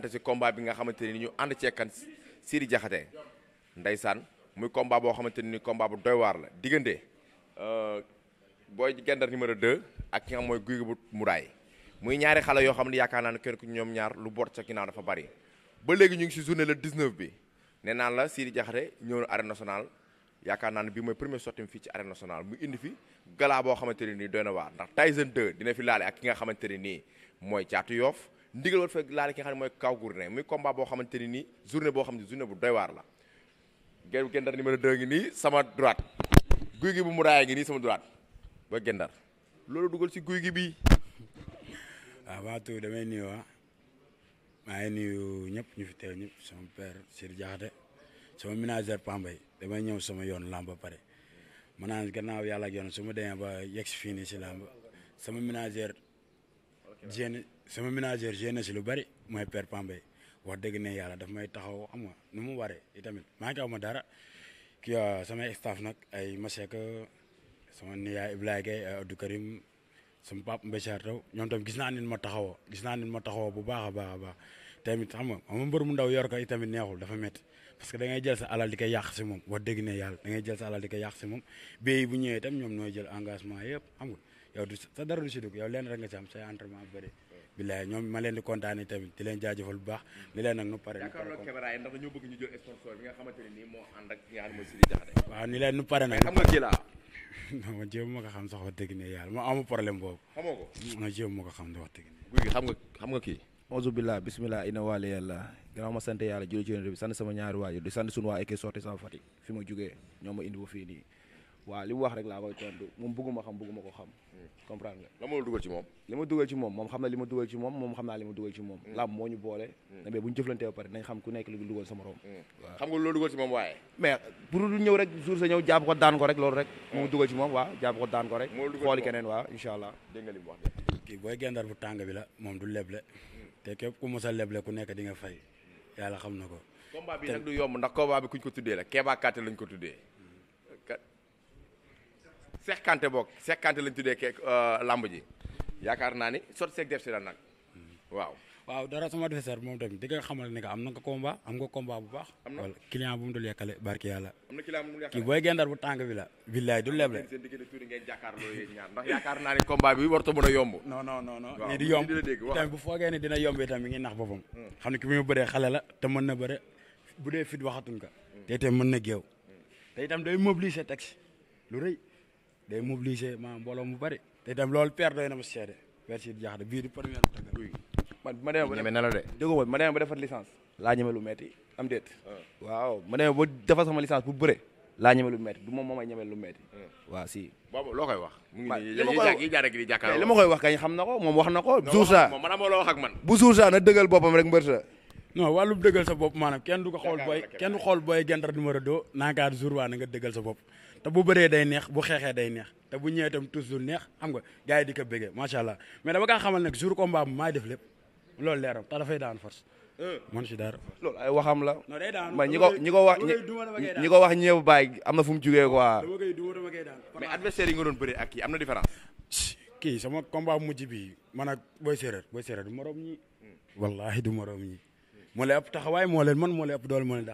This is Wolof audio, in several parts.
présenté ci combat bi nga xamante ni ñu ànd ceekan Siri Jaxate ndeysaan muy combat boo xamante ni combat bu doy waar la diggante euh, booy gendar numéro 2 ak ki nga mooy guy bu muraay muy ñaari xale yoo xam ne yaakaar naa ne ñoom ñaar lu bot ca ginnaaw dafa bari ba léegi ñu ngi ci journée le 19 bi nee naan la Siri Jaxate ñëw na arène nationale yaakaar bii mooy premier ci arène nationale mu indi fi galaa boo xamante ne nii doy na waar ndax Tyson 2 dina fi laale ak ki nga xamante ne nii mooy caatu yoof ndigal war fekk laale ki xam ne mooy kaw gourné muy combat boo xamante ni nii journée boo xam ne journée bu doy waar la gen gendar numéro 2 ngi nii sama droite guy gi bu mu raaya sama droite ba gendar loolu dugal ci guy gi bii waaw ah, waatu damay nuyu waa maa ngi ñëpp ñu fi teew ñëpp sama père Sir Diakhaté sama ménagère Pambay damay ñëw sama yoon làmb ba pare maanaam gannaaw yàlla ak yoon su ma demee ba yegg si fii nii si làmb sama ménagère génn sama ménagère génn si lu bari mooy père Pambay wax dëgg ne yàlla daf may taxaw xam nga nu mu waree itamit maa ngi aw ma dara ki euh, sama staff nag ay Masek sama niyaay Ibrahima Gueye euh, Abdou Karim sama pap Mbéchar taw ñoom tam gis naa nin ma taxawoo gis naa nin ma taxawoo bu baax a baax a baax tamit xam nga ama mbër mu ndaw yor ko itamit neexul dafa métti parce que da ngay jël sa alal di koy yàq si moom wax dëgg ne yàlla da ngay jël sa alal di koy yàq si moom béy bu ñëwee itam ñoom ñooy jël engagement yëpp xam yow du sa dara du si dugg yow leen rek nga si am say entraînement bëri bilaay ñoom ma leen di kontaanee tamit di leen jaajëfal bu baax mm. ni leen nag nu pare ndax dañoo bëgg ñu nga xamante ne nii moo ànd ak nga xam leen nu pare laa non xam sax wax dëgg ne yàlla ma amu problème boobu ko ma jéem ma xam di wax dëgg ne xam nga xam nga kii auzu billah bismillah ina waale yàlla gannaaw ma sant yàlla julli ci yonent bi sant sama ñaari waajur di sant suñu waa ekkee sorti sama Fatick fi ma jógee ñoo ma indi ba fii nii waaw li mu wax rek laa koy tontu moom bëgguma xam bëgguma ko xam hmm. comprendre nga la ma ci moom li ma dugal ci moom moom xam na li ma dugal ci moom moom xam naa li ma dugal ci hmm. moo ñu boole hmm. na mais bu ñu ba pare nañ xam ku nekk li dugal sama morom waaw xam nga loolu dugal ci moom waaye mais pour du ñëw rek jour sa ñëw jàpp ko daan ko rek loolu rek moom dugal ci moom waaw jàpp ko daan ko rek xooli keneen waaw incha allah dégg nga li mu wax kii booy gendar bu tàng bi la moom du leble te képp ku mos a leble ku nekk di nga fay la xam na ko combat bi nag du yomb ndax combat bi kuñ ko tuddee la Kéba Kàtte lañ ko tuddee cinquante boog cinquante lañ tuddee kee euh, làmb ji yaakaar naa ni sot seeg def si la nag waaw. waaw dara sama adversaire moom tamit di nga xamal ne que am na nga combat am nga combat bu baax. am na client bu mu dul yekkale barki yàlla. am na client bu mu dul bu tàng bi la. billaay du leble. seen diggante tuuti ngeen bi warut a mën a yomb. non non non non lii di yomb tamit bu foogee ne dina yomb itam mi ngi nax boppam. Hmm. xam ne ki muy bëree xale la te mën na bëre bu dee fit waxatuñ ko. Hmm. te itam mën na géew. Hmm. te itam day mobiliser taxi lu rëy. day mobiliser maanaam mbooloo mu bari te dem loolu père doy na ma seede Bercy Diakhate bii di première tëgg man ma demee ba déggoo ma demee ba defar licence laa ñeme lu metti am déet waaw ma demee ba defar sama licence pour bëre laa ñeme lu metti du moom moomay ñeme lu metti waaw si boobu loo koy wax mu ngi yi jaare gi ma koy wax xam na ko moom wax na ko joursa moom man ak man bu joursa na dëggal boppam rek mbër sa non wàllu dëggal sa bopp maanaam kenn du ko xool booy kenn du xool booy gendar numéro deux nangaar jour waa na nga dëggal sa bopp te bu bëree day neex bu xeexee day neex te bu ñëwee itam toujours neex xam nga gars yi di ko bëggee macha allah mais dama kaa xamal nag jour combat bi maay def lépp loolu leeram te dafay daan force. Euh. man si dara. loolu ay waxam la. non day daan ñi ko ñi ko wax ñi ko wax ñëw bàyyi am na fu mu jugee quoi. mais adversaire yi nga doon bëree ak kii am na différence. kii sama combat mujj bi man ak booy séeréer booy séeréer du morom ñi. Hmm. wallaahi du morom ñi. moo lay ëpp taxawaay moo leen man moo lay ëpp doole moo leen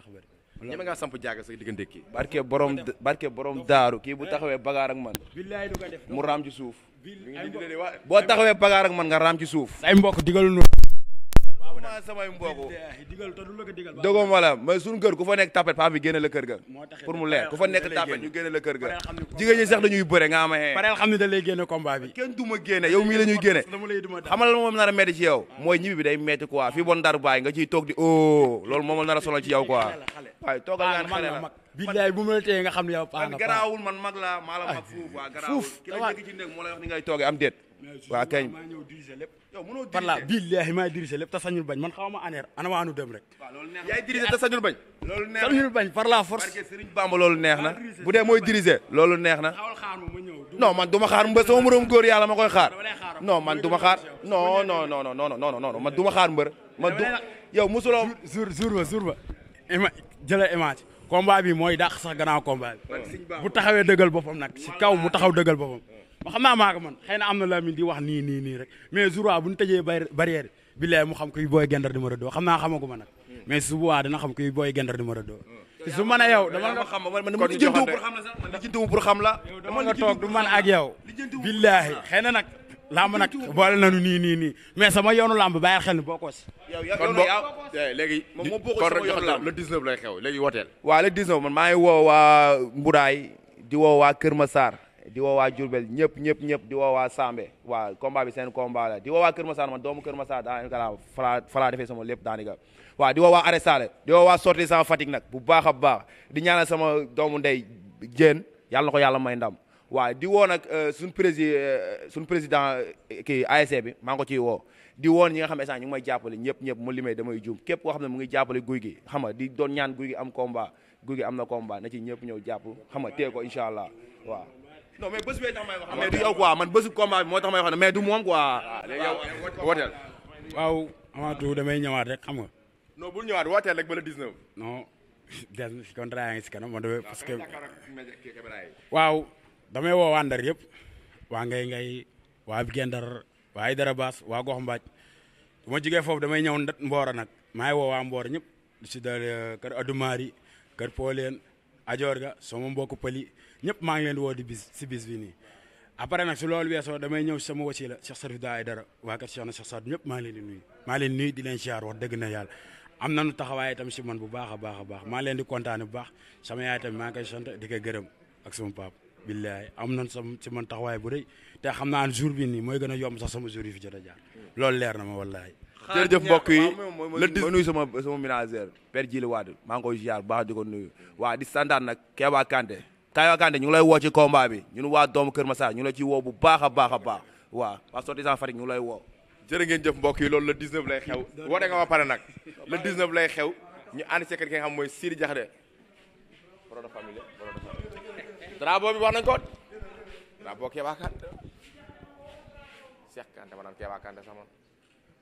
ñeme ngaa samp jaaga sa diggante kii barke borom barke borom daaru kii bu eh. taxawee bagaar ak man mu raam ci suuf boo taxawee bagaar ak man nga raam ci suuf ay mbokk digalu nu naa samay mbokk dëggoo ma la kër ku fa nekk tapet paa bi la kër ga pour mu leer ku fa nekk tapet ñu génne la kër ga jigéen ñi sax dañuy bëre nga ama pareel xam ne da lay génne combat bi kenn duma génne yow la ñuy génne xamal la moom nar a ci yow mooy ñibbi day metti quoi fii bon Baay nga ciy toog di o oh, loolu moom nar a ci yow quoi waaye toogal la am déet waa kañ yow mënoo dirigé voilà billaahi maay dirigé lépp te sañul bañ man xaw ma aneer ana waanu dem rek. waaw loolu na yaay dirigé te bañ. loolu neex na sañul bañ par la force. parce que Serigne Bamba loolu neex na. bu dee mooy dirigé loolu neex na. non man du ma xaar mbër sama moroom góor yàlla ma koy xaar. non man du ma xaar. non non non non man du ma xaar mbër. man du yow mosuloo. jour ba jour ba. ima jëlee image. combat bi mooy dàq sax gannaaw combat bi. bu taxawee dëggal boppam si kaw mu taxaw dëggal boppam ma xam naa maa ko man xëy na am na Lamine di wax nii nii nii rek mais jour bu ñu tëjee barrière bi billaay mu xam kuy booy gendar numéro deux xam naa xamagu ma nag mais su boobaa dina xam kuy booy gendar numéro deux su ma ne yow dama nga xam ma man dama lijjantiwu xam la sax man lijjantiwu xam la dama nga toog du man ak yow billaahi xëy na nag lamb nag boole nañu nii nii nii mais sama yoonu lamb bàyyil xel ni bokkoo si kon bo eh, léegi kon rek la le 19 lay xew léegi woteel waaw le 19 man maa ngi woo waa Mburaay di woo waa Kër Massar di woo waa Diourbel ñëpp ñëpp ñëpp di woo waa Sambe waa combat bi seen combat la di woo waa Kër Massar man doomu Kër Massar daanaka la fala fala defee sama lépp daanaka waa di woowa waa Arrêt Sale di woo waa sorti sama Fatick nag bu baax a baax di ñaanal sama doomu ndey jéen yàlla ko yàlla may ndam waa di woo nag euh, suñ prési euh, suñ président euh, kii ASC bi maa ngi ciy woo di woon ñi nga xam ne sax ñu ngi may jàppale ñëpp ñëpp mu limee damay juum képp koo xam ne mu ngi jàppale guy gi xam nga di doon ñaan guy gi am combat guy am na combat na ñëpp ñëw jàpp xam nga tee ko incha allah non mais bés bee tax may du yow quoi man bésu combat bi moo tax may wax ne mais du moom quoi. waaw ah, léegi yow ah, wooteel. waaw avant tout damay ñëwaat rek xam nga. non bul ñëwaat wooteel rek ba le 19. non des na si parce que. waaw damay woo waa Ndar yëpp. waa ngay ngay waa Gendar waa ma jugee foofu damay ñëw ndat Mboora nag maa ngi woo waa Mboora ñëpp si da euh, kër Adumaari kër ajoor ga sama mbokku pëli ñëpp maa ngi leen di woo di bis si bis bi nii après nag si loolu weesoo damay ñëw sama wasila Cheikh Sarif daa ay dara waa kat Cheikh na Cheikh Sadou ñëpp maa leen di nuyu maa leen nuyu di leen siyaar wax dëgg na yàlla am nanu taxawaay itam si man bu baax a baax a baax maa leen di kontaane bu baax sama yaay itam maa ngi koy sant di ko gërëm ak sama pap billaay am nañ sam si man taxawaay bu rëy te xam naa jour bi nii mooy gën a yomb sax sama jour yi fi loolu leer na ma wallaay jërëjëf mbokk yi le di nuyu sama sama ménagère Père Djili Wade maa ngi koy ziar bu baax di ko nuyu waa di standard nag Kéba Kanté Kéba Kanté ñu ngi lay woo ci combat bi ñun waa doomu Kër Massar ñu ngi la ci woo bu baax a baax a baax waa waa Sottisan Fatick ñu ngi lay woo jërë ngeen jëf mbokk yi loolu le 19 lay xew woote nga ba pare nag le 19 lay xew ñu ànd ci ki nga xam mooy Sidi Diakhaté pro de famille drapeau bi wax nañ ko drapeau Kéba Kanté Cheikh Kanté ma naan Kéba Kanté sama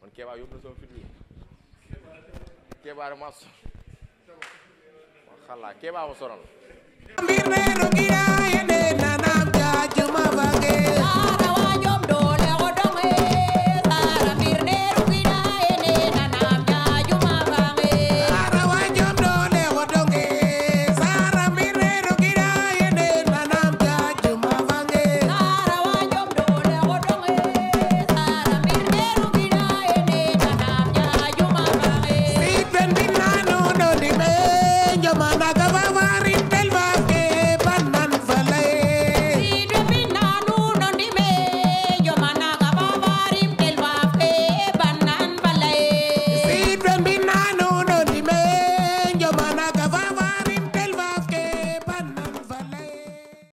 man Kéba yóbbu na sama fit wi Kéba dama sonal ma xalaa Kéba ma sonal